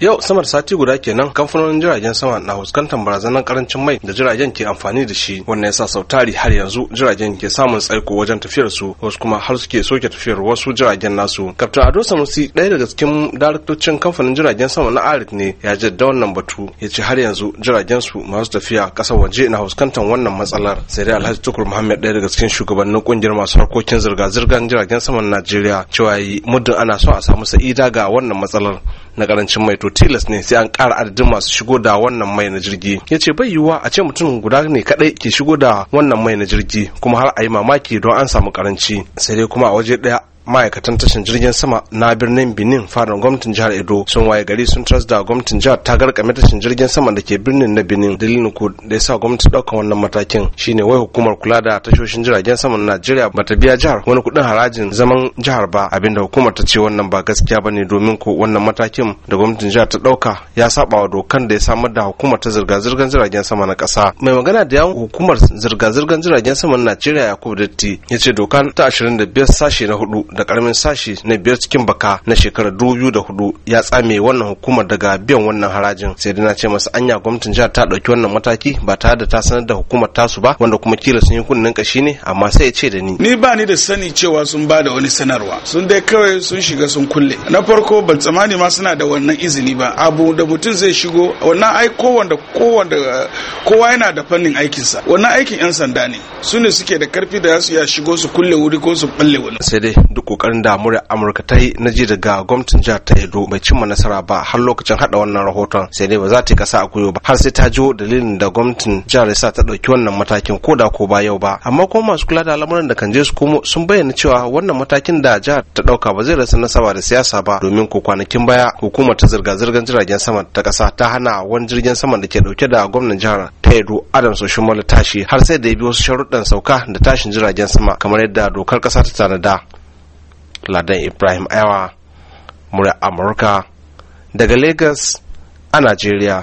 Yau samar da sati guda kenan kamfanonin jiragen sama na fuskantar barazanar karancin mai da jiragen ke amfani da shi wannan yasa sau tari har yanzu jiragen ke samun tsaiko wajen tafiyar su wasu kuma har suke soke tafiyar wasu jiragen nasu. Kaftin Ado samusi ɗaya daga cikin daraktocin kamfanin jiragen sama na Arik ne ya jadda wannan batu ya ce har yanzu jiragen su masu tafiya ƙasar waje na fuskantar wannan matsalar. Sai dai Alhaji Tukur Muhammad ɗaya daga cikin shugabannin kungiyar masu harkokin zirga-zirgar jiragen sama Najeriya cewa muddin ana so a samu sa'ida ga wannan matsalar. na karancin mai to tilas ne sai an kara adadin masu shigo da wannan mai na jirgi ya ce bai yiwuwa a ce mutum guda ne kadai ke shigo da wannan mai na jirgi kuma har a yi mamaki don an samu karanci sai dai kuma a waje ɗaya ma'aikatan tashin jirgin sama na birnin benin fadar gwamnatin jihar edo sun waye gari sun tras da gwamnatin jihar ta garkame tashin jirgin sama da ke birnin na benin dalilin ku da yasa gwamnati daukan wannan matakin shine wai hukumar kula da tashoshin jiragen sama na najeriya bata biya jihar wani kudin harajin zaman jihar ba abinda hukumar ta ce wannan ba gaskiya bane domin ko wannan matakin da gwamnatin jihar ta dauka. ya saba wa dokan da ya samar da hukumar ta zirga-zirgar jiragen sama na ƙasa mai magana da yawon hukumar zirga-zirgar jiragen saman najeriya yakubu datti ya ce doka ta 25 sashe na hudu da karamin sashi na biyar cikin baka na shekarar dubu da hudu ya tsame wannan hukumar daga biyan wannan harajin sai dai na ce masa anya gwamnatin jihar ta ɗauki wannan mataki ba tare da ta sanar da hukumar tasu ba wanda kuma kila sun yi kunnen kashi ne amma sai ya ce da ni ni ba ni da sani cewa sun ba da wani sanarwa sun dai kawai sun shiga sun kulle na farko ban tsamani ma suna da wannan izini ba abu da mutum zai shigo wannan ai kowanda kowanda kowa yana da fannin aikinsa wannan aikin yan sanda ne su ne suke da karfi da za su iya shigo su kulle wuri ko su balle wani sai dai duk kokarin da murya amurka ta yi na ji daga gwamnatin jihar ta edo bai cimma nasara ba har lokacin hada wannan rahoton sai dai ba za ta kasa a gwiwa ba har sai ta jiwo dalilin da gwamnatin jihar sa ta dauki wannan matakin ko da ko ba yau ba amma kuma masu kula da al'amuran da kan je su komo sun bayyana cewa wannan matakin da jihar ta dauka ba zai rasa nasaba da siyasa ba domin ko kwanakin baya hukumar ta zirga-zirgar jiragen sama ta kasa ta hana wani jirgin sama da ke dauke da gwamnan jihar ta edo adams oshimola tashi har sai da ya bi wasu sharuɗan sauka da tashin jiragen sama kamar yadda dokar ƙasa ta tanada ladan ibrahim aiwa murya amurka daga lagos a najeriya